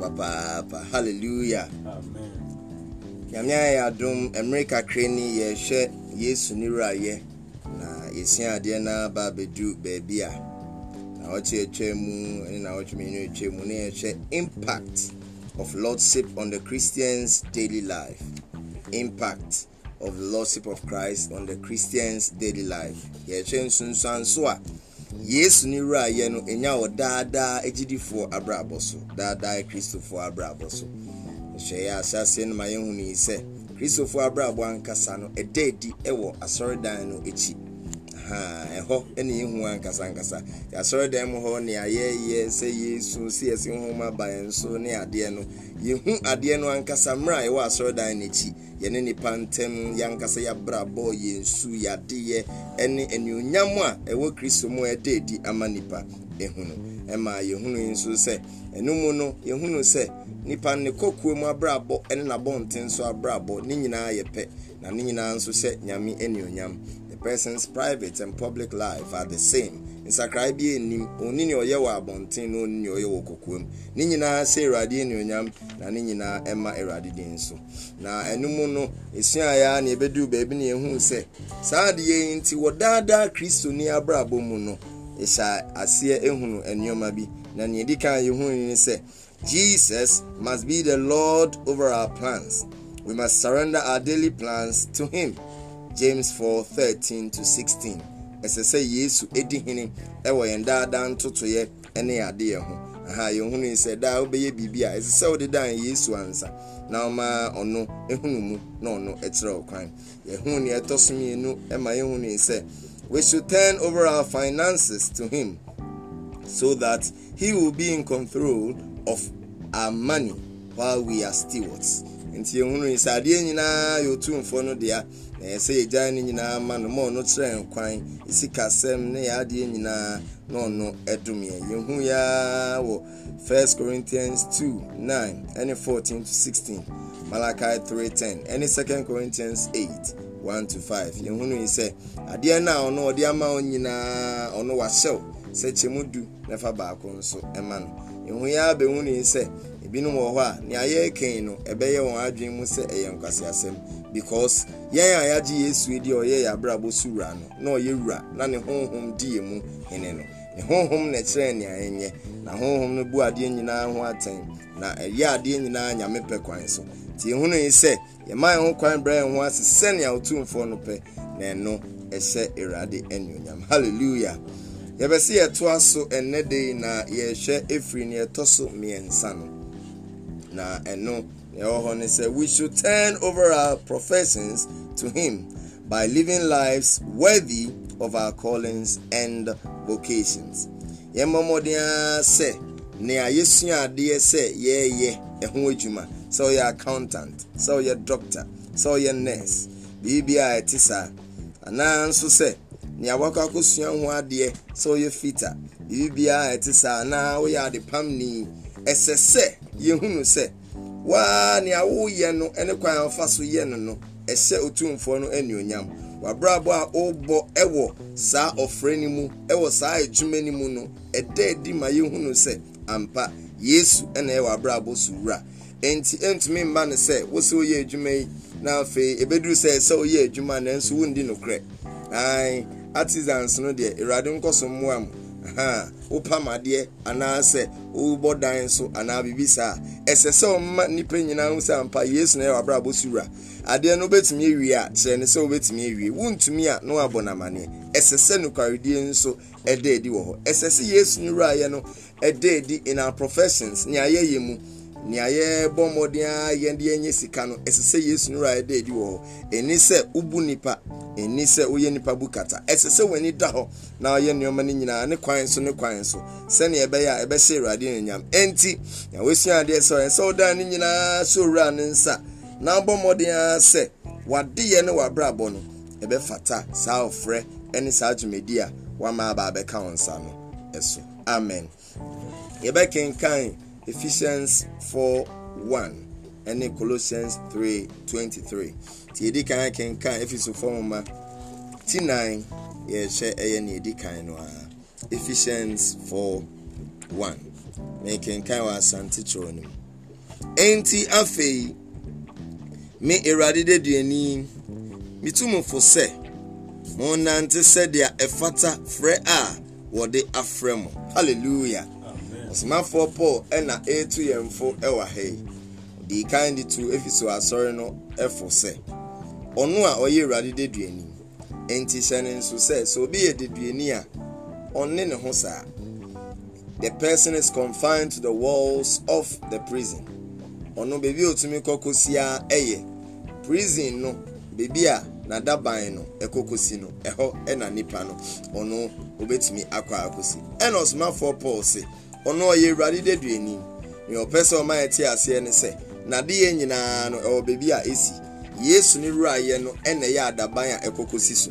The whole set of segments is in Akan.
papaapa hallelujah nyame ayɛ adom mmerɛ kakra ni yɛhwɛ yesu ne wurayɛ na yɛsia adeɛ no aba abɛdu baabi a nawɔkye atwa mu ne nawɔtwe mmienu atwa mu ne yɛhwɛ impact of lordship on the christians daily life impact of the lordship of christ on the christians daily life yɛhwɛ nsunsuanso a yesu ne wura yɛ no ɛnya wɔ daadaa agyidifoɔ so daadaa kristofoɔ abrabɔ so nhwɛeɛ ya no ma yɛhu ne sɛ kristofoɔ abrabɔ ankasa no ɛda adi ɛwɔ asɔredan no akyi ha ɛhɔ ɛna ehu a nkasankasa yasɔrɔ dan mu hɔ ne ayɛ yɛ sɛ yesu si yɛsi nwoma ba yɛn ne adeɛ no yehu adeɛ no ankasa mmerɛ a ɛwɔ asɔrɔ dan n'akyi yɛne nipa ntɛm yankasa yabrabɔ yɛn su yadeɛ ɛne ɛnuonyam a ɛwɔ kristo mu ɛde edi ama nipa ehunu ɛma yɛhunu yi nso sɛ ɛnum no yɛhunu sɛ nipa ne kɔkuo mu abrabɔ ɛne n'abɔnten so abrabɔ ne nyinaa yɛ pɛ na ne nyinaa nso sɛ nyame ɛnuonyam. person's private and public life are the same In bi enim oni nea ɔyɛ wɔ abɔnten na oni se ɔyɛ wɔ kɔkɔɔ mu ne nyinaa sɛ awurade enuonyam na ne nyinaa ɛma awurade na ɛnum no esua ya na ebedu baabi na ehu sɛ saa adeɛ yi nti wɔ daadaa kristo ne abrabɔ mu no aseɛ ehunu nneɛma bi na nea edi kan ehu sɛ jesus must be the lord over our plans we must surrender our daily plans to him. james 4:13 to 16 ɛsɛ sɛ yesu edi hene ɛwɔ yɛn daadaa ntotoyɛ ɛne adeɛ ho aha yɛn hunu sɛ daa wobɛyɛ biribi a ɛsɛ sɛ wode dan yesu ansa na ɔma ɔno ehunu mu na ɔno ɛkyerɛ ɔkwan yɛhunu nea ɛtɔ so mmienu ɛma yɛhunu sɛ we should turn over our finances to him so that he will be in control of our money while we are stewards nti ehunu yi sɛ adeɛ nyinaa yɛ otumfoɔ no dea na ɛsɛ yɛgya no nyinaa ma no ma ɔno kyerɛ nkwan sikasɛm ne yɛ adeɛ nyinaa na ɔno ɛdom yɛ yɛhu yaa wɔ 1 corinthians two nine ɛne fourteen to 16 malachi ten ɛne Second corinthians eight one to five. yɛhunu yi sɛ adeɛ no ɔno ɔde ama wo nyinaa ɔno wahyɛw sɛ kyɛmu du na baako nso ɛma no yɛhu yaa bɛhunu yi sɛ ebinom wɔ hɔ a nea yɛrekɛn no ɛbɛyɛ wɔn adwene mu sɛ ɛyɛ nkwaseasɛm because yɛn a yɛagye yesu di a ɔyɛ yɛ abrabɔ wura no na ɔyɛ wura na ne honhom di emu hene no na ɛkyerɛ nea ɛnyɛ na honhom no bu adeɛ nyinaa ho atɛn na ɛyɛ adeɛ nyinaa nyame pɛ kwan so ehunu yi sɛ kwan brɛ yɛn ho ase sɛnea otumfoɔ no pɛ na ɛno ɛhyɛ awurade anuonyam hallelujah yɛbɛsi yɛtoa so na yɛrehwɛ efiri na ɛno ɛwɔ hɔ no sɛ we should turn over our professions to him by living lives worthy of our callings and vocations yɛmmɔ mmɔden ara sɛ nea yɛsua adeɛ sɛ yɛreyɛ ɛho adwuma sɛ ɔyɛ accountant sɛ ɔyɛ doctor sɛ ɔyɛ nurse biribi a ɛte saa anaa nso sɛ nea wakɔ akɔsua ho adeɛ sɛ ɔyɛ fita biribi a ɛte saa anaa woyɛ adepamni ɛsɛ sɛ yɛhunu sɛ waa nea woyɛ no ne kwan a wɔfa so yɛ no no ɛhyɛ otumfoɔ no anuonyam wabrabɔ a ɔrebɔ wɔ saa ɔfrɛ no mu wɔ saa adwuma no mu no ɛda adi ma yɛhunu sɛ ampa yesu na ɛwɔ abrabɔ so wura nti ntumi mma no sɛ wosɛ woyɛ adwuma yi na afei ɛbɛduru sɛ sɛ woyɛ adwuma nanso wondi nokorɛ ae artisans no deɛ awurade nkɔ so mmoa mu wopam adeɛ anaasɛ wobɔ dan so anaa biribi saa ɛsɛ sɛ ɔma nnipa nyinaa ho sɛ ampa yesu na yɛ wabrabɔ so wura adeɛ no wobɛtumi awie a kyerɛ ne sɛ wobɛtumi awie wontumi a na wabɔ namaneɛ ɛsɛ sɛ nokwaredie nso ɛda adi wɔ hɔ ɛsɛ sɛ yesu no wuraayɛ no ɛda adi in our professions nea yɛyɛ mu nea yɛrebɔ mmɔden a yɛde yɛnyɛ sika no ɛsɛ sɛ yesu no ra yɛda adi wɔ hɔ ɛni sɛ wobu nipa ɛni sɛ woyɛ nipa bu kata ɛsɛ sɛ w'ani da hɔ na ɔyɛ nneɛma no nyinaa ne kwan so ne kwan so sɛnea ɛbɛyɛ a ɛbɛhyɛ awurade ɛnti na wɔasua adeɛ sɛ ɔyɛ sɛ wodaa no nyinaa sɛ owura ne nsa na mmɔden sɛ ne wabrabɔ no ɛbɛfata saa ɔfrɛ ne saa dwumadi a wama aba abɛka nsa no ɛso amen yɛbɛkenkan ephesians 4 1 ɛne colossians 3 23 ti yɛdi kan kenkan efisofo nwoma ti nan yɛhyɛ ɛyɛ ne yɛdi kan no ara ephesians 4 1 mekenkan wɔ asante kyerɛ no mu enti afei me awurade deduani metumfo sɛ monnante sɛdeɛ ɛfata frɛ a wɔde afrɛ mo halleluya ɔsomafoɔ paul ɛna ɛretu yɛn fo ɛwɔ ha yi ɔde kan de tu efi so asɔre no ɛfo sɛ ɔno a ɔyɛ awurade deduani nti hyɛ ne nso sɛ sɛ obi yɛ deduani a ɔne ne ho saa the person is confined to the walls of the prison ɔno beebi a otumi kɔ kosia ɛyɛ prison no beebi a n'adaban no ɛkɔ kosi no ɛhɔ ɛna nipa no ɔno obetumi akɔ akosi ɛna ɔsomafoɔ paul sɛ. ɔno ɔyɛ awurade daduani nea ɔpɛ sɛ ɔma yɛte aseɛ ne sɛ n'adeɛ nyinaa no ɛwɔ baabi a yesu ne no ɛna ɛyɛ adaban a si so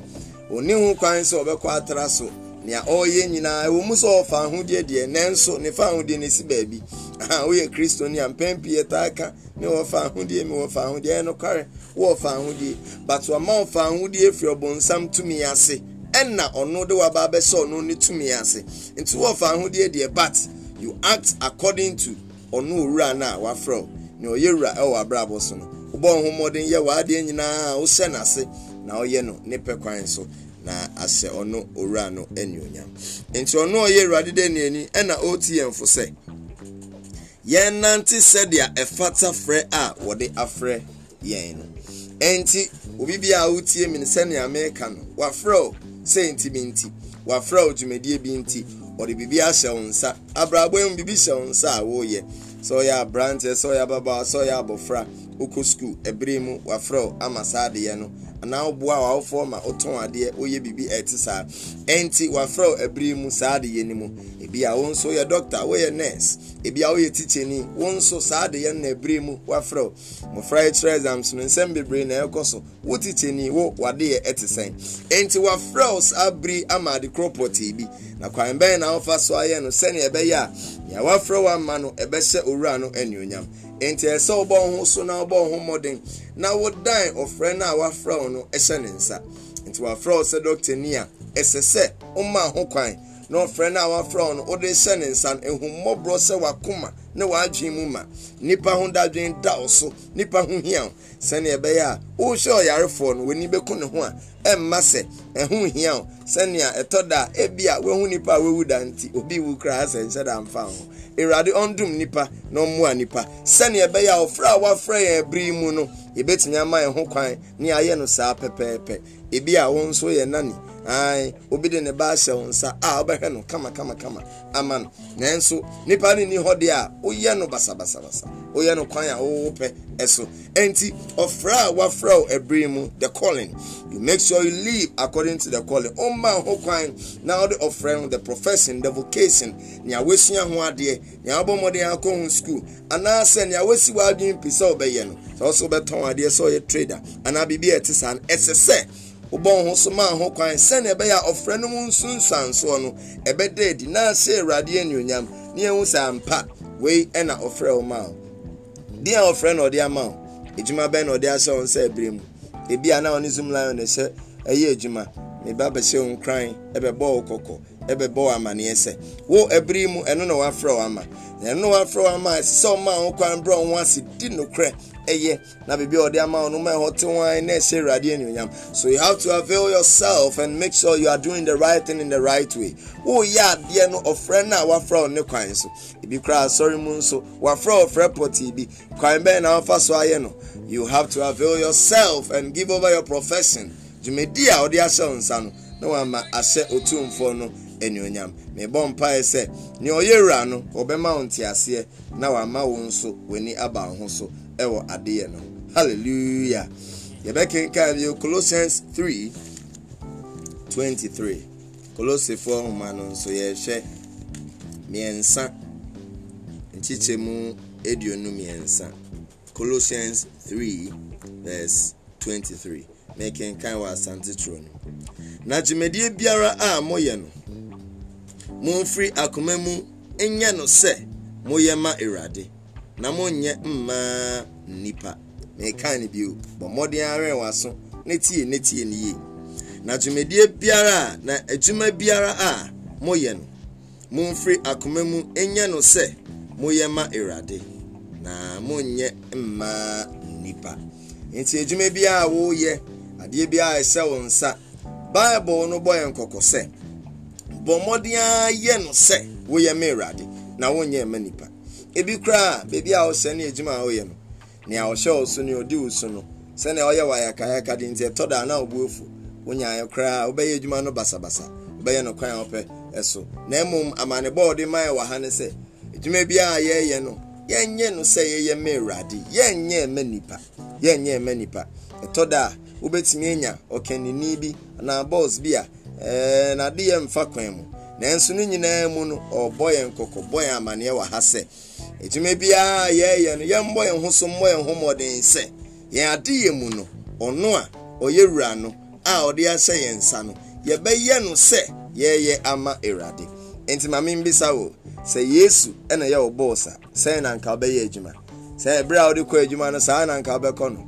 ɔne ho kwan sɛ ɔbɛkɔ atra so nea ɔreyɛ nyinaa ɛwɔ mu sɛ ɔfa ahodeɛ deɛ nanso ne ahodeɛ no si baabi aha woyɛ ni a mpɛn pii ɛtaa ka ne wɔfa ahodeɛ mi wɔfa ahodeɛ ɛnokware wɔfa ahodeɛ but wɔma ɔfa ahodeɛ firi ɔbɔnsam tumi ase ɛna ɔno de waba abɛsɛ ɔno ne tumi ase nti wɔfa ahodeɛ deɛ but you act according to ɔno owura e no a wafrɛ na ɔyɛ wura ɛwɔ abrabɔ so no wobɔ homɔden yɛ w'adeɛ nyinaa wohyɛ n'ase na ɔyɛ no ne pɛ kwan so na ahyɛ ɔno owura no anuonyam nti ɔno ɔyɛ awurade dɛ nuani ɛna e ɔreti yɛn fo sɛ yɛn nante sɛdeɛ ɛfata frɛ a wɔde afrɛ yɛn no ɛnti obi bi a wotie mi no sɛnea meka no wafrɛ o sɛ dwumadie bi nti ɔde biribi ahyɛ wo nsa abrabɔ mu biribi hyɛ wo nsa a wɔreyɛ sɛ ɔyɛ aberanteɛ sɛ ɔyɛ ababaawa sɛ ɔyɛ abɔfra wokɔ sukuu ɛberɛ mu wafrɛ ama saa adeɛ no anaa woboa a wawofoɔ ma wotɔn adeɛ woyɛ biribi ɛte saa ɛnti wafrɛ abiri mu saa adeyɛ no mu ebi a wo nso yɛ dɔkta ebi a woyɛ tikyani wo nso saa adeyɛ no na abiri mu wafrɛ mmɔfra yɛ kyerɛ exams no nsɛm bebree na ɛkɔ so wadeɛ ɛte sɛn ɛnti ama ade korɔ na kwan bɛn na so ayɛ no sɛnea ɛbɛyɛ a nea wafrɛ no nti ɛsɛ wobɔ ho so na wobɔ ho mmɔden na wodan ɔfrɛ no a wafrɛ wo no ɛhyɛ ne nsa nti wafrɛ wo sɛ dɔktani ɛsɛ sɛ woma ho kwan na ɔfrɛ no a wafrɛ wo no wode hyɛ ne nsa no ehummɔborɔ sɛ wakoma ne wadwen mu ma nnipa ho dadwen da wo so nnipa ho hia wo sɛnea ɛbɛyɛ a wohyɛ ɔyarefoɔ no w'ani bɛku ne ho a ɛmma sɛ ɛho hia wo sɛnea ɛtɔ da a ebi woahu nnipa a da nti obi wu koraa sɛ nhyɛ da mfa ho awurade ɔndom nnipa na ɔmmoa nnipa sɛnea ɛbɛyɛ a a wafrɛ yɛn abiri mu no yɛbɛtumi ama yɛn ho kwan ne ayɛ no saa pɛpɛɛpɛ ebi wo nso ayi obi de ne ba ahyɛ wɔn nsa a ah, ɔbɛhwɛ no kama kama kama ama no nanso nipa ne ni hɔ deɛ a oyɛ no basabasabasa oyɛ no kwan a wɔwɔpɛ ɛso nti ɔfra a wafra o ɛbiri mu the calling you make sure you leave according to the calling ɔmma ho kwan na ɔde ɔfra no the profession the vocation nea wɔasua ho adeɛ nea wɔbɔ mmɔden akɔ ho school anaasɛ nea wɔasi wɔ adwene pi sɛ ɔbɛyɛ no sɛ ɔso bɛtɔn adeɛ sɛ ɔyɛ trader anaa biribi a ɛte saa no ɛsɛ sɛ wobɔ ho so maa ho kwan sɛnea ɛbɛyɛ a ɔfrɛ no mu nsunsuansoɔ no ɛbɛda adi na ahyɛ awurade anuonyam ne ɛhu sɛ ampa wei ɛna ɔfrɛ wo maa wo deɛ a ɔfrɛ na ɔde ama wo adwuma bɛn na ɔde ahyɛ wo sɛ ɛberɛ mu ebi a na ɔne zoom lion ɛhyɛ ɛyɛ adwuma ne ba nkran ɛbɛbɔ wo kɔkɔ ɛbɛbɔ wo amanneɛ sɛ wo ɛbere mu ɛno na wafrɛ wo ama ɛno na wafrɛ wo ama ɛsɛ e ɔma wo kwan brɛ wo ase di nokorɛ e ɛyɛ na biribi a ɔde ama wo no ɛhɔ te wan na ɛhyɛ awurade anuonyam so you have to avail yourself and make sure you are doing the right thing in the right way woyɛ adeɛ no ɔfrɛ no a wafrɛ wo ne kwan so ebi koraa asɔre mu nso wafrɛ ɔfrɛ pɔtee bi kwan bɛn na wafa so ayɛ no you have to avail yourself and give over your profession dwumadi a ɔde ahyɛ wo nsa no na wama ahyɛ otumfoɔ no anuonyam mebɔ mpaeɛ sɛ nea ɔyɛ wura no ɔbɛma wo nteaseɛ na wama wo nso w'ani aba wo ho so ɛwɔ adeɛ no halleluya yɛbɛkenkan bio colossians 3 23 kolosifoɔ nhoma no nso yɛrehwɛ mmiɛnsa nkyekyɛmu aduonu mmiɛnsa colossians three verse twenty-three. mekenkan wɔ asante turo no na dwumadie biara a moyɛ no momfiri akoma mu nyɛ no sɛ moyɛ ma awurade na monyɛ mmaa nnipa mekan no bio bɔ mmɔden awɛn w'aso ne tie ne tie ne yie na dwumadie e biara a na adwuma biara a moyɛ no momfiri akoma mu nyɛ no sɛ moyɛ ma awurade na monyɛ mmaa nnipa nti adwuma biara a woyɛ adeɛ bi a ɛhyɛ wo nsa bible no bɔ yɛ nkɔkɔ sɛ bɔ mmɔden yɛ no sɛ woyɛ me awurade na nipa ebi koraa beebi a ɔhyɛ ne adwuma a ɔyɛ no nea ɔhyɛ ne ɔdi no sɛnea ɔyɛ wɔ de nti ɛtɔ na ɔbu afu wonyaeɛ koraa wobɛyɛ adwuma no basabasa no kwan ɛso na mmom amane bɔɔde ma ɛwɔ ha ne sɛ adwuma no yɛnyɛ no sɛ yɛyɛ yɛnyɛ wobɛtumi anya ɔkanini bi anaa bɔs bi a ɛɛ eh, n'ade yɛ mfa kwan mu nanso no nyinaa mu no ɔbɔ yɛn kɔkɔ bɔ yɛn amaneɛ wɔ ha sɛ edwuma biara yɛɛyɛ no yɛmbɔ yɛn ho so mbɔ yɛn ho mmɔden sɛ yɛn ade yɛ mu no ɔno a ɔyɛ wura no a ɔde ahyɛ yɛn nsa no yɛbɛyɛ no sɛ yɛɛyɛ ama awurade nti maame mbisa wo sɛ yesu ɛna yɛ wɔ bɔɔsa sɛn na nka ɔbɛyɛ adwuma sɛ ɛberɛ a wɔde kɔ adwuma no saa na nka ɔbɛkɔ no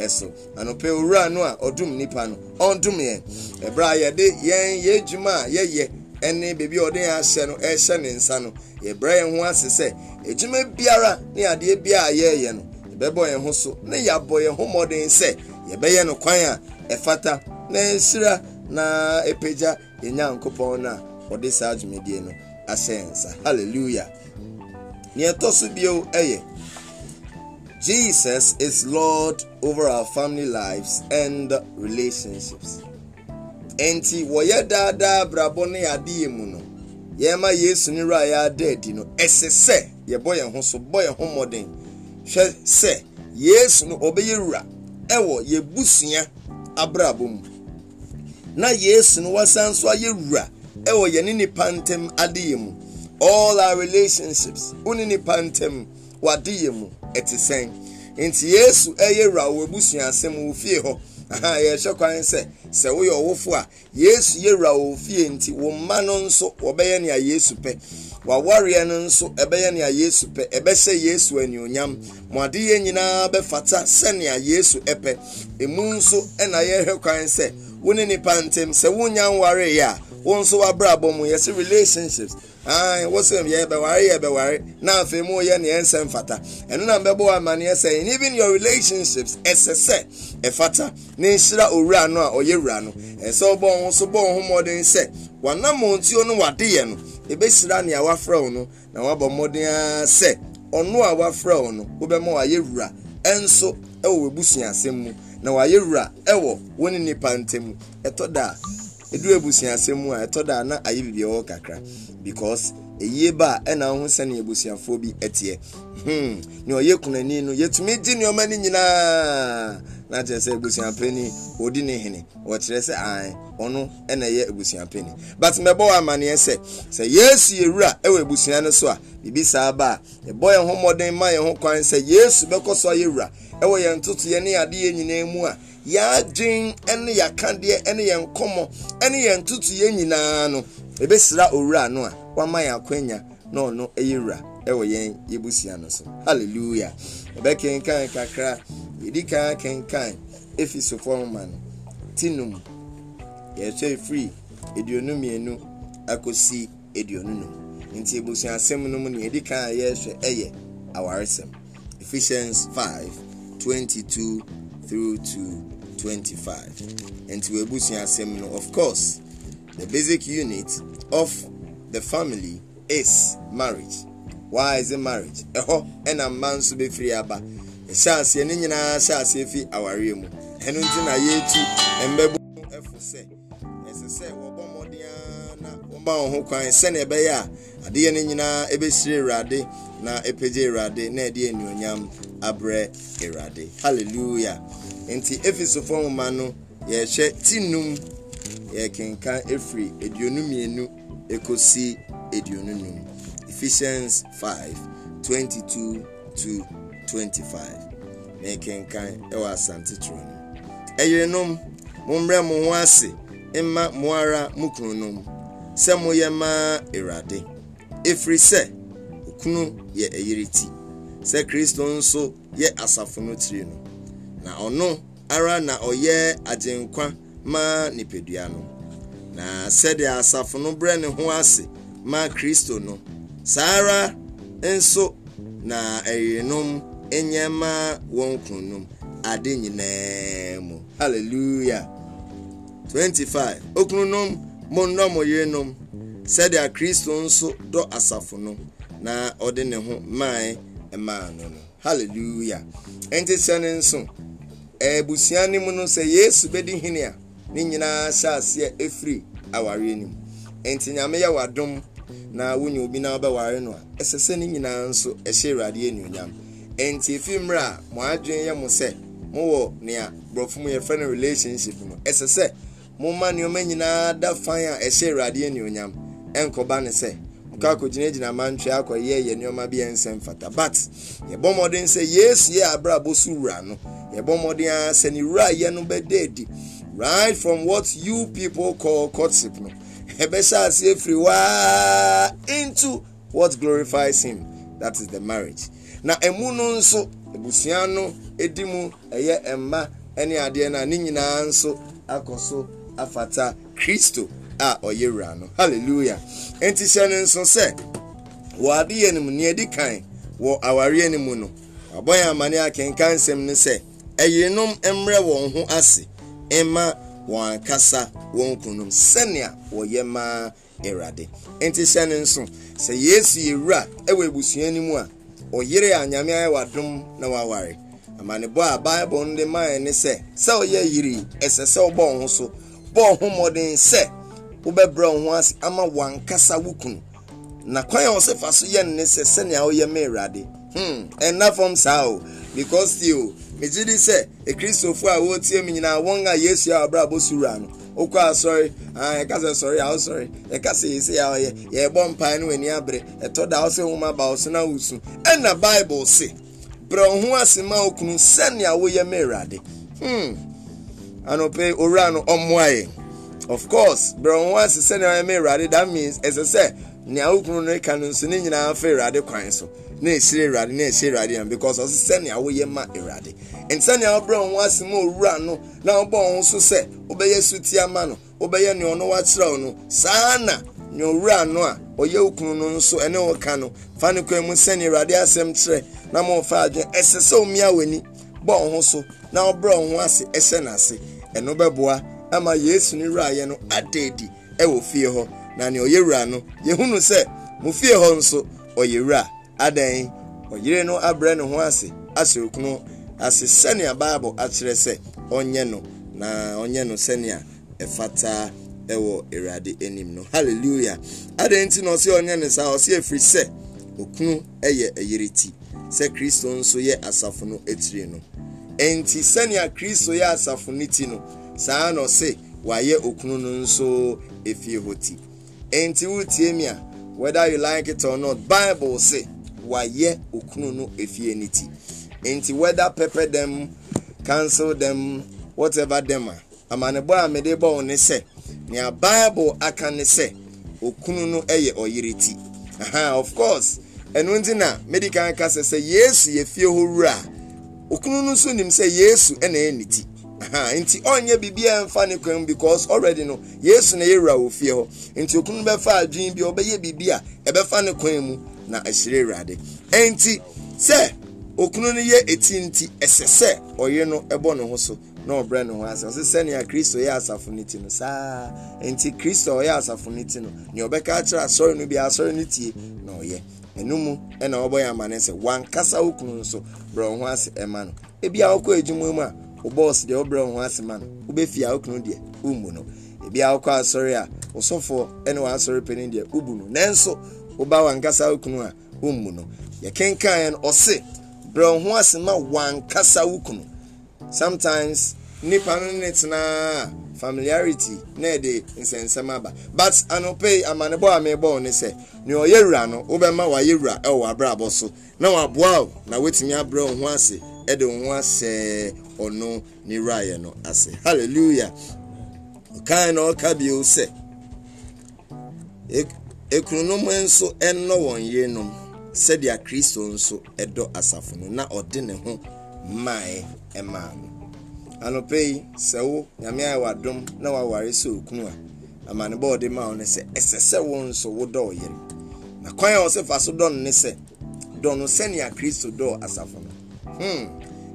ɛso anɔpɛ owura no a ɔdum nipa no ɔndum yɛn ɛbrɛ a yɛde yɛn yɛ adwuma a yɛyɛ ɛne baabi a ɔde yɛn ahyɛ no ɛhyɛ ne nsa no yɛbrɛ yɛn ho ase sɛ adwuma biara ne adeɛ biara a yɛreyɛ no yɛbɛbɔ yɛn ho so ne yɛabɔ yɛn ho mmɔden sɛ yɛbɛyɛ no kwan a ɛfata na ɛnsira na apagya yɛn nyankopɔn no a ɔde saa dwumadie no ahyɛ nsa hallelujah nea ɛtɔ so bio ɛyɛ Jesus is Lord over our family lives and relationships. Enti wɔyɛ daadaa abrabɔ ne adeɛ mu no yɛma yesu ne ra yɛ ada adi no ɛsɛ sɛ yɛbɔ yɛn ho so bɔ yɛn ho mmɔden hwɛ sɛ yesu no ɔbɛyɛ wura ɛwɔ yɛbusua abrabɔ mu na yesu no wasan so ayɛ wura ɛwɔ yɛne nipa ntɛm adeɛ mu all our relationships wo ne nipa ntɛm wɔ adeɛ mu ɛte sɛn nti yesu ɛyɛ wura wɔ abusua asɛm fie hɔ aha yɛhyɛ kwan sɛ sɛ woyɛ ɔwofo a yesu yɛ wura fie nti wo mma no nso wɔbɛyɛ nea yesu pɛ wawareɛ no nso ɛbɛyɛ nea yesu pɛ ɛbɛhyɛ yesu anuonyam mo adeɛ nyinaa bɛfata sɛnea yesu ɛpɛ emu nso ɛna yɛhwɛ kwan sɛ wo ne nipa ntɛm sɛ wonya nwareeɛ a wo nso wabrabɔ mu yɛsɛ relationships wosɛm yɛ bɛware yɛ bɛware na afei mu yɛ ne yɛnsɛ mfata ɛno na mbɛbɔ amanneɛ sɛ and even your relationships ɛsɛ sɛ ɛfata ne nhyira owura ano a ɔyɛ wura oh, no ɛsɛ ɔbɔ wo so bɔ wo ho mmɔden sɛ wanam ntuo no yɛ no ɛbɛhyira nea wafrɛ wo no na wabɔ mmɔden ara sɛ ɔno a wafrɛ wo no wobɛma wayɛ wura ɛnso ɛwɔ w'abusua asɛm mu na wayɛ wura ɛwɔ wo nipa ntam ɛtɔ da ɛduru abusuasɛm mu a ɛtɔ da na ayɛ biribi ɛwɔ kakra because ɛyie ba a ɛna ho sɛne abusuafoɔ bi ɛteɛ hmm ne ɔyɛ kunani no yɛtumi di nneɔma no nyinaa na kyerɛ sɛ abusuapani ɔdi ne hene wɔkyerɛ sɛ an ɔno ɛna ɛyɛ abusuapani but mɛbɔ wɔ amanneɛ sɛ sɛ yesu yɛwura ɛwɔ abusua no so a biribi saa ba a ɛbɔ yɛn ho mmɔden ma yɛn ho kwan sɛ yesu bɛkɔ so ayɛ wura ɛwɔ yɛn ntotoeɛ ne adeɛ nyinaa mu a yɛn adwen ne yɛn akadeɛ ne yɛn nkɔmmɔ ne yɛn ntutuyɛ nyinaa no ebesira owura no a wama yɛn akwanya na ɔno yɛ wura wɔ yɛn yɛbusia no so hallelujah ɛbɛkenkan kakra yɛdi kan kenkan efi sofo nwoma no ti yɛhwɛ firi aduonu mmienu akɔsi aduonu num nti ebusua asɛm no mu yɛdi kan a awaresɛm ephesians five twenty 25 nti wɔabusua asɛm no of course the basic unit of the family is marriage why is it marriage ɛhɔ ɛna mma nso bɛfiri aba ɛhyɛ aseɛ ne nyinaa hyɛ aseɛ fi awareɛ mu ɛno nti na yɛtu mmɛbo ɛfo sɛ ɛsɛ sɛ wɔbɔ mmɔden ara na wɔma wɔn ho kwan sɛnea ɛbɛyɛ a adeɛ no nyinaa ɛbɛhyire awurade na ɛpɛgye awurade na ɛde anuonyam abrɛ awurade hallelujah nti efesofo nwoma no yɛhyɛ tinum yɛkenka efiri eduonu mmienu ekosi eduonu num ephesians five twenty two to twenty five na yɛkenka ɛwɔ asante toro no ɛyerenom mommrɛ mo ho ase mma mo ara mo kununom sɛ moyɛ mmaa awurade efiri sɛ okunu yɛ ɛyere ti sɛ kristo nso yɛ asafo no tiri no. na ɔno ara na ɔyɛ agyenkwa ma nipadua no na sɛdeɛ asafo no brɛ ne ho ase ma kristo no saa ara nso na ɛyenom nyɛ ma wɔn kununom ade nyinaa mu hallelujah 25 okununom mo nnɔ mo yerenom sɛdeɛ kristo nso dɔ asafo no na ɔde ne ho maa ɛmaa no no hallelujah ɛnti sɛ ne nso ebusua no mu no sɛ yesu bɛdi hene a ne nyinaa hyɛ aseɛ ɛfiri awareɛ anim mu nti nyame yɛ wadom na wonya obi na wobɛware no a ɛsɛ sɛ ne nyinaa nso ɛhyɛ awurade anuonyam nti efi mmerɛ a mo adwene yɛ mo sɛ mowɔ nea borɔfo mu yɛfrɛ no relationship mu ɛsɛ sɛ moma nneɔma nyinaa da fan a ɛhyɛ awurade anuonyam ɛnkɔba ne sɛ mokɔ akɔgyinagyina mantwe akɔyɛ yɛ nneɔma bi ɛnsɛ mfata but yɛbɔ mmɔden sɛ yesu yɛ abrabɔ so wura no yɛbɔ mmɔden ara sɛ ne wura yɛ no bɛda right from what you people call courtship no ɛbɛhyɛ aseɛ firi waa into what glorifies him that is the marriage na ɛmu no nso abusua no di mu ɛyɛ mma ne adeɛ no a ne nyinaa nso akɔ so afata kristo a ɔyɛ wura no hallelujah nti hyɛ no nso sɛ wɔ adeɛ no mu nea ɛdi kan wɔ awareɛ no mu no wabɔ yɛn amane akenka nsɛm no sɛ ɛyerenom mmerɛ wɔn ho ase ɛma wɔn ankasa wɔn kunom sɛnea wɔyɛ maa awurade nti hyɛ ne nso sɛ yesu ewura ɛwɔ abusua no mu a ɔyere a nyame ayɛ wadom na waware amanebɔ a baibu no de maa ne sɛ sɛ ɔyɛ yiri ɛsɛ sɛ ɔbɔ wo ho so bɔ ho mmɔden sɛ wobɛbrɛ wo ho ase ama wankasa wo kunu na kwan a ɔsɛ fa so yɛ ne sɛ sɛnea ɔyɛ ma awurade hmm ɛnna fam saa o because still megye di sɛ ekristofoɔ a wɔretie mi nyinaa wɔn a yesu a ɔbra abɔ sura no okɔ asɔre aa yɛka sɛ sɔre a wosɔre yɛka sɛ yɛsɛ a ɔyɛ yɛbɔ mpae no w'ani abere ɛtɔ da wo sɛ nwoma ba wo so na wosu ɛna bible se brɛ wo ho ase ma wo kunu sɛnea woyɛ ma hmm anɔpɛ owura no ɔmmoa yɛn of course brɛ wo ho ase sɛnea woyɛ ma that means ɛsɛ sɛ nea okunu no ka no nso ne nyinaa fa awurade kwan so na esiri awurade na ɛhyɛ awurade yan because ɔse sɛnea woyɛ ma awurade nti sɛnea ase owura no na so sɛ no nea ɔno no saa na nea owura a ɔyɛ wo no nso no fa ne kwan mu sɛnea awurade na ma ɔfa adwene ɛsɛ sɛ bɔ na ho ase ɛhyɛ n'ase ɛno bɛboa ama yesu na nea ɔyɛ wura no yɛhunu sɛ mo fie hɔ nso ɔyɛ wura adan ɔyere no abrɛ ne ho ase asɛ okunu ase sɛnea bible akyerɛ sɛ ɔnyɛ no na ɔnyɛ no sɛnea ɛfata ɛwɔ awurade anim no hallelujah adan nti na ɔsɛ ɔnyɛ no saa ɔsɛ efiri sɛ okunu ɛyɛ ɛyere ti sɛ kristo nso yɛ asafo no etire no nti sɛnea kristo yɛ asafo no ti no saa na ɔsɛ wayɛ okunu no nso efie hɔ ti. nti wotie mi a whether you like it or not bible say wayɛ okunu no efie ne ti nti whether pepper them cancel them whatever them a amanebɔ a mede bɔ wɔn ne sɛ nea bible aka ne sɛ okunu no yɛ ɔyere ti of course ɛnu nti na mede kan kasa sɛ yesu yɛ fie hɔ wura okunu no nso nim sɛ yesu na yɛ ne ti. nti ɔnyɛ biribiara mfa ne kwan because already no yesu na yɛwura wɔ fie hɔ nti okunu bɛfa bi ɔbɛyɛ biribi a ɛbɛfa ne kwan mu na ɛhyerɛ awurade nti sɛ okunu no yɛ eti nti ɛsɛ sɛ ɔyɛ no ɛbɔ ne ho so na ɔbrɛ ne ho ase ɔsɛ sɛnea kristo yɛ asafo ne ti no saa nti kristo ɔyɛ asafo ne ti no nea ɔbɛka akyerɛ asɔre no bi asɔre tie na ɔyɛ ɛnu mu ɛna ɔbɔ yɛ amane sɛ wankasa okunu nso ase ɛma no ebi a ɔkɔ mu a wo dị deɛ wobrɛ wo ho ase ma no a wokunu deɛ wommu no ebi ah, a wokɔ asɔre a wosɔfoɔ ne wɔasɔre panin deɛ wobu no nanso woba wankasa wokunu a wommu no yɛkenkaeɛ no ɔse brɛ wo ho ase ma wankasa wokunu sometimes nipa no ne tenaa familiarity na ɛde nsɛnsɛm aba but anɔpɛ amanebɔ a mebɔ ne sɛ nea ɔyɛ wura no wobɛma wayɛ e wura so na waboa o na abrɛ wo ɛde ho asɛɛ ɔno ne raeɛ no ase halleluya ɔkan na ɔka bio sɛ ekununom nso ɛnɔ wɔn yenom sɛdeɛ kristo nso ɛdɔ asafo no na ɔde ne ho mmae ɛmaa no anɔpɛ yi sɛ wo nyame ayɛ wadom na waware sɛ okunu a amane bɔ ɔde ma wo no sɛ ɛsɛ sɛ wo nso wodɔ ɔyere na kwan a ɔsɛ fa so dɔ no ne sɛ dɔ no sɛnea kristo dɔɔ asafo no hmm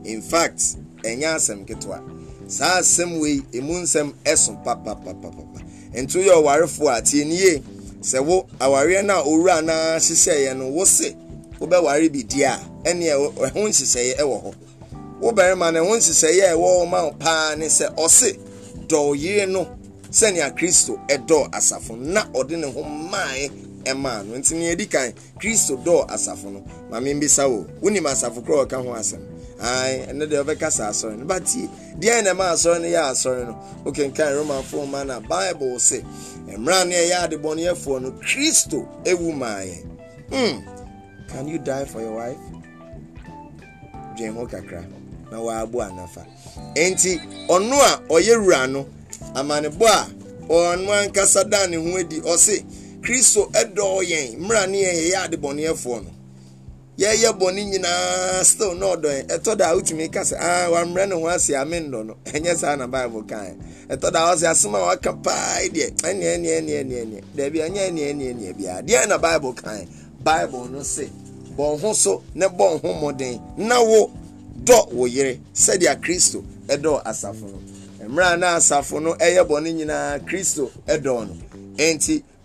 in fact ɛnyɛ asɛm ketewa saa asɛm wei emu nsɛm ɛso papapapapa nto yɛ ɔwarefoɔ a tie nie sɛ wo awareɛ no a owura anaa hyehyɛeɛ no wo se wobɛware bi di a ɛneɛ ɛho nhyehyɛeɛ ɛwɔ hɔ wo barima no ɛho nhyehyɛeɛ a ɛwɔ ma wo paa ne sɛ ɔse dɔɔ yere no sɛnea kristo ɛdɔɔ e asafo na ɔde ne ho maae ɛmaa no nti nea ɛdi kan kristo dọọ asafo no maame mbisa wo wonim asafo korɔ ɔka ho asɛm ae ɛno deɛ ɔbɛka saa asɔre no bati deɛn na ɛma asɔre no yɛ asɔre no wokenkan roman fo ma na bible se mmerɛ ne ɛyɛ adebɔneyɛfoɔ no kristo ɛwu maa yɛn hmm. can you die for your wife dwen ho kakra na wɔabo anafa enti ɔno a ɔyɛ wura no amanebɔ a ɔno ankasa da ne ho adi ɔse kristo ɛdɔɔ yɛn mmerɛ ne yɛn yɛyɛ ade no yɛyɛ bɔne nyinaa still na ɔdɔ yɛn ɛtɔ da a wotumi ka sɛ ah, wammerɛ ne ho ase ame ndɔ no ɛnyɛ saa na bible kan ɛtɔ da a ɔsɛ asom a waka paa deɛ ɛneɛ neɛ neɛ neɛ neɛ ɛnyɛ neɛ neɛ biara deɛ na bible kan bible no se bɔn ho ne bɔn ho na wo dɔ wo yere sɛdeɛ kristo asafo no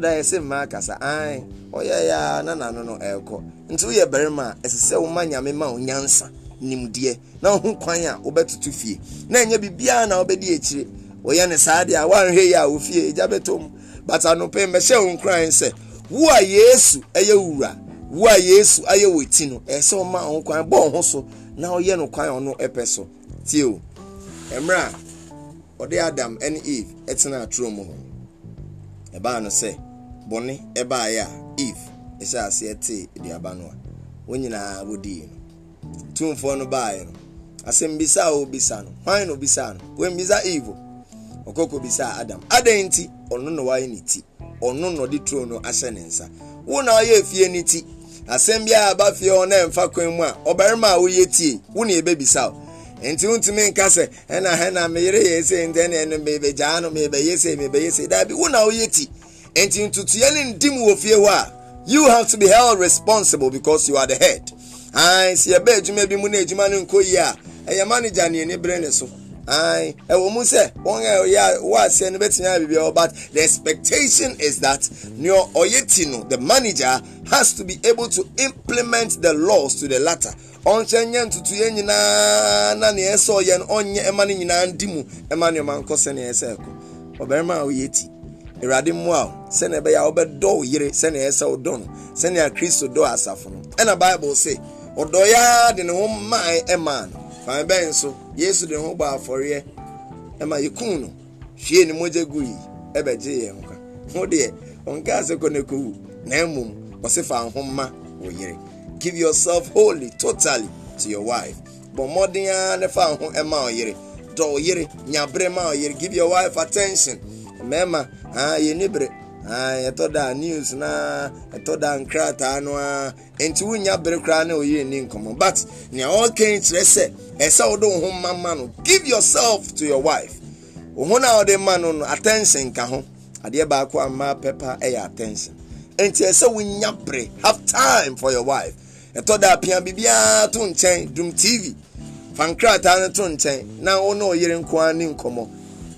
da yɛ sɛ mmaa kasa an ɔyɛ ya na n'ano no ɛrekɔ nti woyɛ barima a ɛsɛ sɛ woma nyame ma wo nyansa nimdeɛ na kwan a wobɛtoto fie na ɛnyɛ biribiara na wobɛdi akyire wɔyɛ ne saa deɛ a woanhwɛ yi a wo fie bɛtɔ mu wo nkran sɛ wo a yesu ɛyɛ wura wo a yesu ayɛ wɔ ti no sɛ kwan bɔ ho so na ɔyɛ no kwan ɔno ɛpɛ so tie o a ɔde adam ne eve ɛtena ɛbaa no sɛ bɔne ɛbaeɛ a eve ɛhyɛ aseɛ tee aduaba no a wɔn nyinaa wɔdii no tumfoɔ no baeɛ no asɛmbisa a wɔbisa no hwan na obisa no wɔmbisa eve ɔkɔkɔ bisa adam adan nti ɔno na wayɛ ne ti ɔno na ɔde turo no ahyɛ ne nsa wo na ɔyɛ fie ne ti asɛm biara aba fie hɔ na ɛmfa kwan mu a ɔbarima a woyɛ tie wo na ɛbɛbisa o nti ntumi nka sɛ ɛna ɛna meyere yɛ ese ntɛ ne ɛno no mebɛyɛ se mebɛyɛ se daabi wo na ti nti ntutuɛ ne ndim wɔ fie hɔ a you have to be held responsible because you are the head ayi si ɛbɛ adwuma bi mu na adwuma no nkɔ yie a ɛyɛ manager ne ani bere ne so ayi ɛwɔ mu sɛ wɔn a ɔyɛ a wɔaseɛ no bɛtumi ayɛ biribi but the expectation is that nea ɔyɛ ti no the manager has to be able to implement the laws to the latter. ɔnhyɛ nyɛ ntutu yɛ nyinaa na neɛ ɛsɛ ɔyɛ no ɔnyɛ ɛma no nyinaa ndi mu ɛma ne ɔma nkɔ sɛneɛ ɛsɛ ɛkɔ ɔbarima a ɔyɛ ti awurade mmoa wo sɛnea ɛbɛyɛ a wobɛdɔ wo yere sɛnea ɛsɛ wo dɔ no sɛnea kristo dɔ asafo no ɛna bible se ɔdɔyɛ de ne ho ɛmaa e no fan yesu de ne ho bɔ afɔreɛ ɛma yɛkum no na mmom ɔse fa give yourself wholly, totally to your wife. But more than the found Emma Yere, Do Yere, Nyabrema Yere, give your wife attention. Mema, ah, you nibre. Ah, yɛtɔ da news na yɛtɔ da nkrataa no a nti wonya bere koraa na oyi ni nkɔmɔ but nea ɔka kyerɛ sɛ ɛsɛ wode wo ho ma ma no give yourself to your wife wo ho na wode ma no no attention ka ho adeɛ baako a mmaa pɛpa yɛ eh, attention nti ɛsɛ wonya bere have time for your wife ɛtɔ da apia biribiara to nkyɛn dum tv fankrataa no to nkyɛn na wo ne ɔyere nkoa ne nkɔmmɔ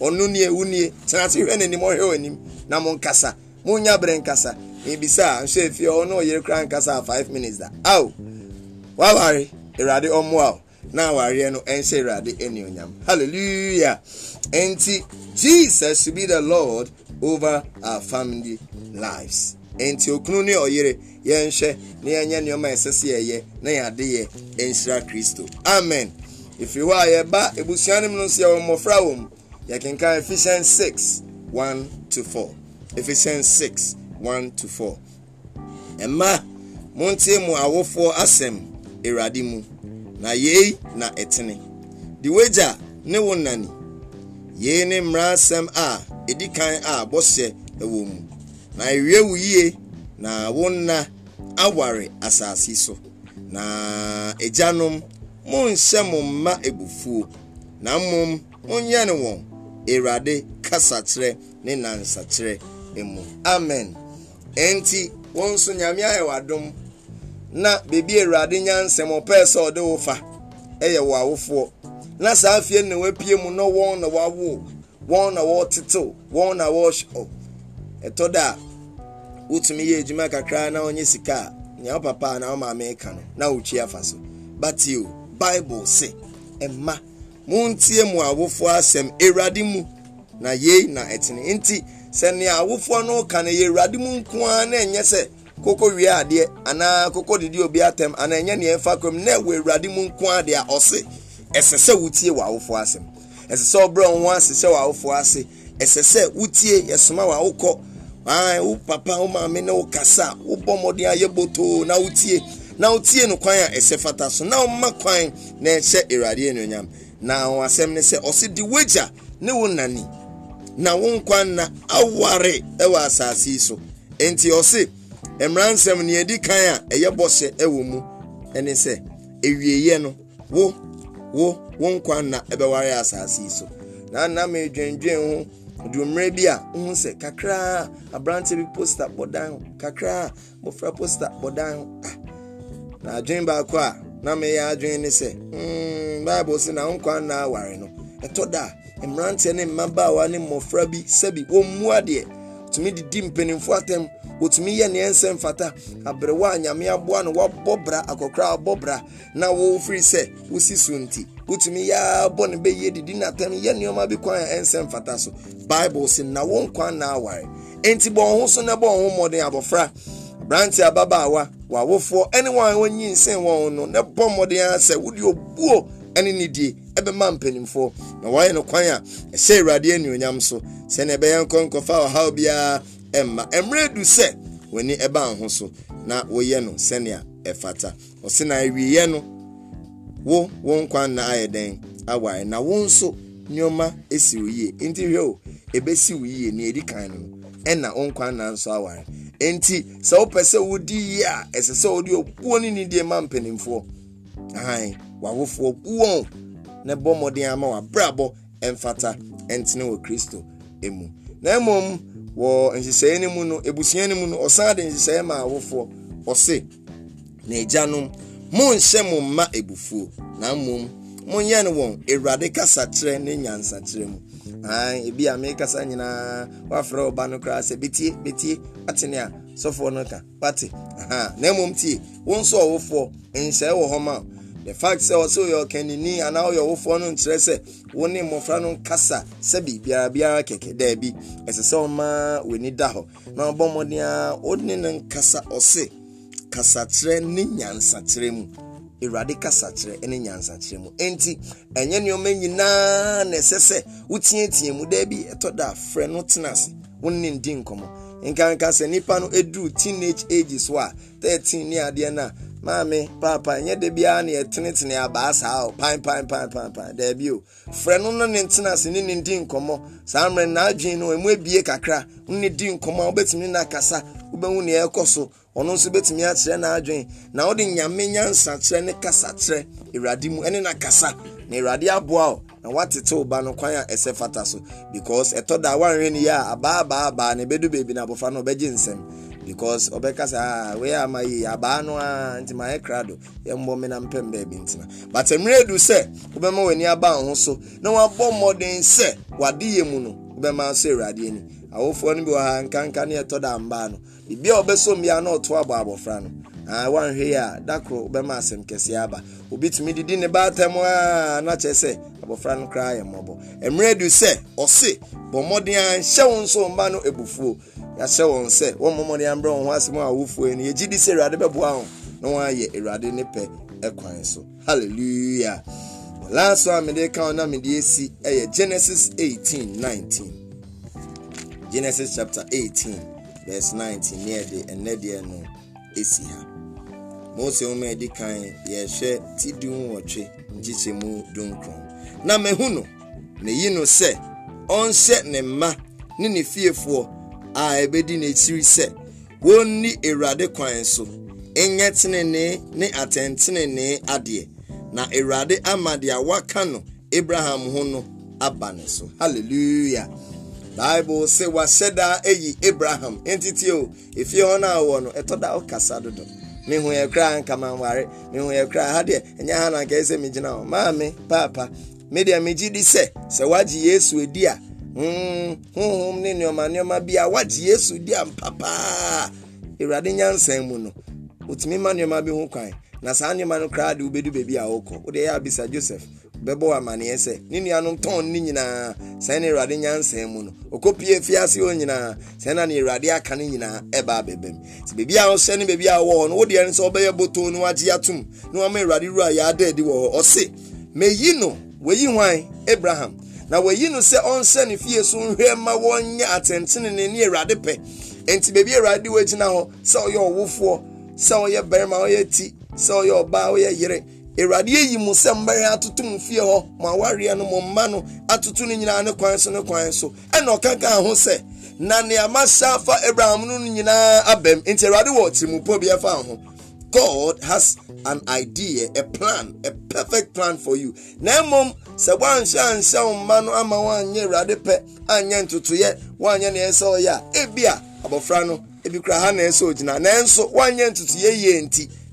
ɔno nie wo nie tena se hwɛ n'anim ɔhwɛ w'anim na monkasa monya berɛ nkasa ebisa nso efie ɔno ne ɔyere kora nkasa five minutes da ao waware awurade ɔmmoa o na awareɛ no ɛnhyɛ awurade anuonyam hallelujah nti jesus be the lord over our family lives nti okunu ne ɔyere yɛnhwɛ na yɛnyɛ nneɛma ɛsɛ sɛ yɛyɛ na yɛade yɛ nhyira kristo amen ɛfiri hɔ a yɛba ebusua no mu no nso yɛwɔ mmɔfra wɔ mu yɛkenka ephesians six one to four. ephesians six one to four. ɛma montie mu awofoɔ asɛm awurade mu na yei na ɛtene de wagya ne wo nani yei ne mmara a ɛdi kan a bɔhyɛ ɛwɔ mu na irie wuye na wonna aware asase so na agyanom monhyɛ mo mma abufuo na mmom monyɛ ne wɔn awurade na ne nansakyerɛ amen enti wɔn nso nyame ayɛ w'adom na beebi awurade nyansɛm ɔpɛɛ sɛ ɔde wo fa ɛyɛ wɔ awofoɔ na saa afie na wapie mu na wɔn na wawo wɔn na wɔtetew wɔn na wɔhyɛ ɛtɔ da a wotumi yɛ edwuma kakra na ɔnyɛ sika a nea wo papa na wo maame ka no na wotwi afa so batio bible se ɛma montie mu awofoɔ asɛm awurade mu na yei na ɛtene nti sɛ nea awofoɔ no ka no yɛ awurade mu nko ara na ɛnyɛ sɛ koko wie adeɛ anaa koko didi obi atɛm anaa ɛnyɛ nea ɛfa kurom na ɛwɔ awurade mu nko ara deɛ a ɔse ɛsɛ sɛ wotie wɔ awofoɔ asɛm ɛsɛ sɛ ɔbrɛ wo ho ase sɛ wɔ awofoɔ ase ɛsɛ sɛ wotie yɛsoma wɔ awokɔ wo papa wo maame ne wo kasa wobɔ mmɔden ayɛ botoo na wotie na wotie no kwan a ɛsɛ fata so na woma kwan na ɛhyɛ awurade anuonyam na wɔn asɛm ne sɛ ɔsi di wagya ne wo nani na wo nkwan na aware ɛwɔ asase yi so nti ɔsi mmeransɛm nea edi kan a ɛyɛ bɔhyɛ ɛwɔ mu ɛne sɛ ewieɛ no wo wo wo nkwan na ɛbɛware asase yi so na nam edwendwen ho. ɔdewommerɛ bi a wohu sɛ kakraa aberanteɛ bi posta bɔdan ho kakraa mmɔfra posta bɔdan ho ah, na adwene baako a na meyɛ adwene ne sɛ hmm, bible sɛ na wo nkwa nna aware no ɛtɔ da mmeranteɛ ne mmabaawa ne mmɔfra bi sɛbi wɔmmua deɛ tumi didi mpanimfoɔ atɛm wɔtumi yɛ neɛ nsɛ mfata aberewa a nyame aboa no wabɔ bra akɔkora abɔ bra na wɔwofiri sɛ wosi so nti wotumi ya bɔ ne bɛyie didi n'atam yɛ nneɛma bi kwan a ɛnsɛ mfata so bible si na wɔn kwan na aware nti bɔ ɔho so na bɔ ɔho mmɔden abɔfra aberante ababaawa wawofoɔ ɛne wɔn a wɔnyi nsɛn wɔn no na bɔ mmɔden asɛ wodi obuo ɛne ne die ɛbɛma mpanimfoɔ na wɔayɛ no kwan a ɛhyɛ awurade anuonyam so sɛnea ɛbɛyɛ nkɔ nkɔfa ɔhaw biara ɛmma mmerɛ du sɛ w'ani ɛbaa ho so na wɔyɛ no sɛnea ɛfata ɔsena awieɛ no wo wo nkwa na ayɛ dɛn awae na wo nso nneɛma esi wo yie nti hwɛ o ebesi wo yie nea edi kan no ɛna wo nkwa na nso awae nti sɛ wopɛ sɛ wodi yie a ɛsɛ sɛ wodi opuo ne nidie ma mpanimfoɔ ahan wawofoɔ puo na bɔ mmɔden ama wabrabɔ mfata ntene wɔ kristo emu na mmom wɔ nhyehyɛeɛ no mu no ebusua no mu no ɔsan de nhyehyɛeɛ ma awofoɔ ɔse na egyanom. monhyɛ mụ mma ebufuo na mmom monyɛ no wɔn awurade kasakyerɛ ne nyansakyerɛ mu ebi a mekasa nyinaa wafrɛ ɔba no koraa sɛ betie betie atene a sɔfoɔ no ka wate na mmom tie wo nso ɔwofoɔ nhyɛe wɔ hɔ ma the fact sɛ ɔsɛ ɔkanini kasakyerɛ ne nyansakyerɛ mu awurade kasakyerɛ ne nyansakyerɛ mu enti ɛnyɛ nneɛma nyinaa na ɛsɛ sɛ woteatea mu daa bi ɛtɔ da frɛ no tena ase wo ne ndi nkɔmmɔ nkanka sɛ nnipa no ɛduru teenage age so a 13 ne adeɛ no a maame paapa nyɛ da biara na yɛtenetene abaa saa o pan pan pan pan pan daabi o frɛ no no ne ntena ase ne ne di nkɔmmɔ saa mmerɛ n'adwene no ɛmu abie kakra ne di nkɔmmɔ a wobɛtumi no akasa wobɛhu na ɛkɔ so ọnụ nso bɛtumi akyerɛ n'adwene na wode nyame nyansa kyerɛ ne kasa kyerɛ awurade mu ɛne kasa na awurade aboa na watete wo no kwan a ɛsɛ fata so ɛtɔ da a na ɛbɛdu baabi na abɔfra na ɔbɛgye nsɛm because ɔbɛka sɛ ah, wei ama yi abaa no a nti do na mpɛm baabi but sɛ aba na wabɔ mmɔden sɛ wade yɛ mu no so ani awofoɔ no bi wɔ ha nkanka ne ɛtɔ da mbaa no biribi a ɔbɛsɔ mbia na ɔto abɔ abɔfra no ah, wanhwɛ yi a dakoro bɛma asɛm aba obi tumi didi ba a na kyerɛ sɛ abɔfra no koraa yɛ mmɔbɔ mmerɛ du sɛ ɔse bɔ a nhyɛ nso mba no abufuo yɛahyɛ wɔn sɛ wɔn mmɔden ambrɛ wɔn ho a awofoɔ yi no yɛgye di sɛ awurade bɛboa wɔn na wɔn ayɛ awurade ne so hallelujah last one mede ka esi ɛyɛ genesis eighteen genesis chapter 18 verse 19 ne ɛnɛ deɛ no ɛsi ha mose nwoma adi kan yɛhwɛ ti dunwɔtwe nkyekyɛmu dunkron na mahu na yi no sɛ ɔnhyɛ ne mma ne ne fiefoɔ a ɛbɛdi n'akyiri sɛ wɔnni awurade kwan so ɛnyɛ tenenee ne atɛntenenee adeɛ na awurade ama deɛ waka no abraham ho no aba ne hallelujah baịbụl sɛ wɔahyɛ eyi ayi abraham ntiti o efie ọ na a wɔwɔ no ɛtɔ da ɔkasa dodo mehu yɛ kra nka manware mehu yɛ koraa ha deɛ ɛnyɛ ha na nka ɛsɛ megyina hɔ maame paapa me deɛ megye di se sɛ woagye yesu adi a hmm, honhom ne nneɔma nneɔma bia a yesu di a mpapaa awurade nyansan mu no wotumi ma nneɔma bi hụ kwan na saa nneɔma no koraa de wobɛdu baabi a wokɔ ụdị ya abisa joseph bɛbɔ amanneɛ sɛ ne nuanom tɔn ne nyinaa sɛn ne awurade nyansa mu no ɔkɔpie fiase hɔ nyinaa na ne aka no nyinaa ɛba abɛba mu sɛ baabi a ɔhyɛ ne baabi a ɔwɔ hɔ no wodeɛ no ɔbɛyɛ boto no wagye na awurade wura yɛada adi wɔ hɔ ɔse meyi no wɔyi hwan abraham na wɔyi no sɛ ɔnhyɛ ne fie so nhwɛ ma wɔnyɛ ne ne awurade pɛ awurade hɔ sɛ ɔyɛ ɔwofoɔ sɛ ɔyɛ barima ɔyɛ ti sɛ ɔyɛ ɔbaa awurade ayi mu sɛ mbɛyɛ atoto mu fie hɔ mo awareɛ no mo mma no kwan so ne kwan so ɛna ɔkaka ho sɛ na nea mahyɛ afa abraham no nyinaa nti bi god a plan a perfect plan for you na mmom sɛ woanhyɛ anhyɛ wo mma no ama woanyɛ awurade ntutu a ebia no ebi kura ha na ɛsɛ ogyina nanso ya ntotoyɛ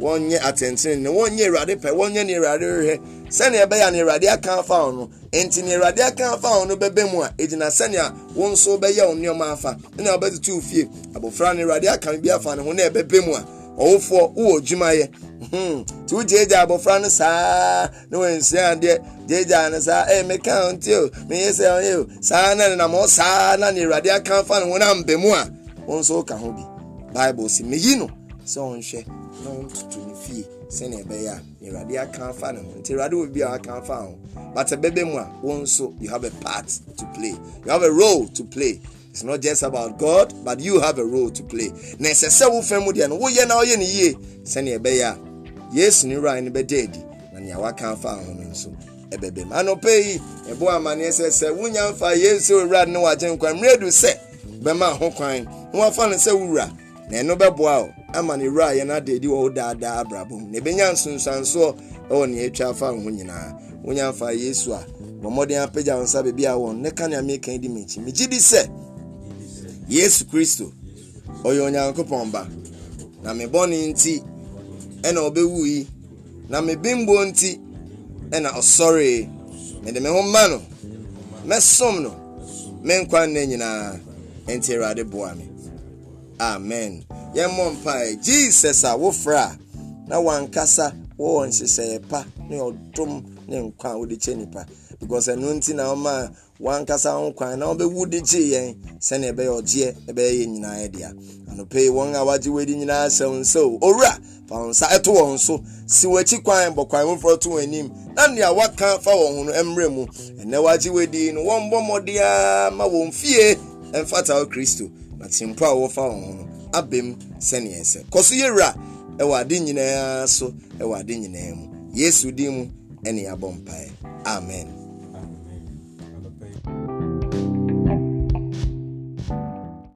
wɔnyɛ atɛntene ne wɔnyɛ awurade pɛ wɔnyɛ ne awurade rehɛ sɛnea ɛbɛyɛ a ne awurade aka afa wɔn no nti ne aka afa wɔn no bɛbɛ mu a egyina sɛnea wɔn nso bɛyɛ wɔn nneɛma afa fie ne awurade aka bi afa ne ho na ɛbɛbɛ a ɔwofoɔ wowɔ hmm. no saa na adeɛ saa ɛyɛ o sɛ o saa na nenam na ne awurade aka afa ne ho no ambɛ mu a wɔn nso ka na wototo ne fie sɛnea ɛbɛyɛ a ne awurade aka afa ne ho nti awurade wɔ bi a aka afa ho but ɛbɛbɛ mu a wo nso you have a part to play you have a role to play it's not just about god but you have a role to play na ɛsɛ sɛ wo fɛn mu deɛ no woyɛ na woyɛ ne yie sɛnea ɛbɛyɛ a yesu ne wura no bɛda adi na nea waka afa ho no nso ɛbɛbɛ mu anɔpɛ yi ɛbo amanneɛ sɛ sɛ wonya mfa yesu owura no wagye nkwan mmerɛ du sɛ bɛma ho kwan na wafa no sɛ wowura na ɛno bɛboa o ama ne wura a yɛn adaadi wɔ wo abụrụ abrabɔ mu na ebɛnya nsonsansoɔ ɛwɔ nea atwa afa ho nyinaa wonya mfa yesu a bɔ mmɔden apagya wo nsa baabi a wɔn ne ka nea meka di m'akyi megye di sɛ yesu kristo onye onyankopɔn mba na me bɔne nti ɛna ɔbɛwu yi na me bimbo nti ɛna ɔsɔre mede me ho ma no mɛsom no me nkwa nna nyinaa ɛnti awurade boa me amen yɛmmɔ mpae jesus a wofrɛ na wankasa wɔwɔ nhyehyɛeɛ pa ne ɔdom ne nkwa a wode kyɛ nipa because ɛno nti na ɔma wankasa ho kwan na wɔbɛwu de gye yɛn sɛnea ɛbɛyɛ ɔgyeɛ ɛbɛyɛ yɛ nyinaa deɛ anɔpɛi wɔn a wagye wadi nyinaa hyɛ wo nsa o owura fa wo nsa ɛto wɔn so si w'akyi kwan bɔ kwan foforɔ to wɔn anim na nea waka fa wɔn ho no mmerɛ mu ɛnɛ wagye wadi no wɔn bɔ mmɔdeɛ ma wɔn fie ɛmfata wo kristo na tempo a wɔfa wɔn ho no abem sɛneɛ sɛ kɔ so yɛwura ɛwɔ ade nyinaa so ɛwɔ ade nyinaa mu yesu din mu ɛne yɛabɔ mpaeɛ amen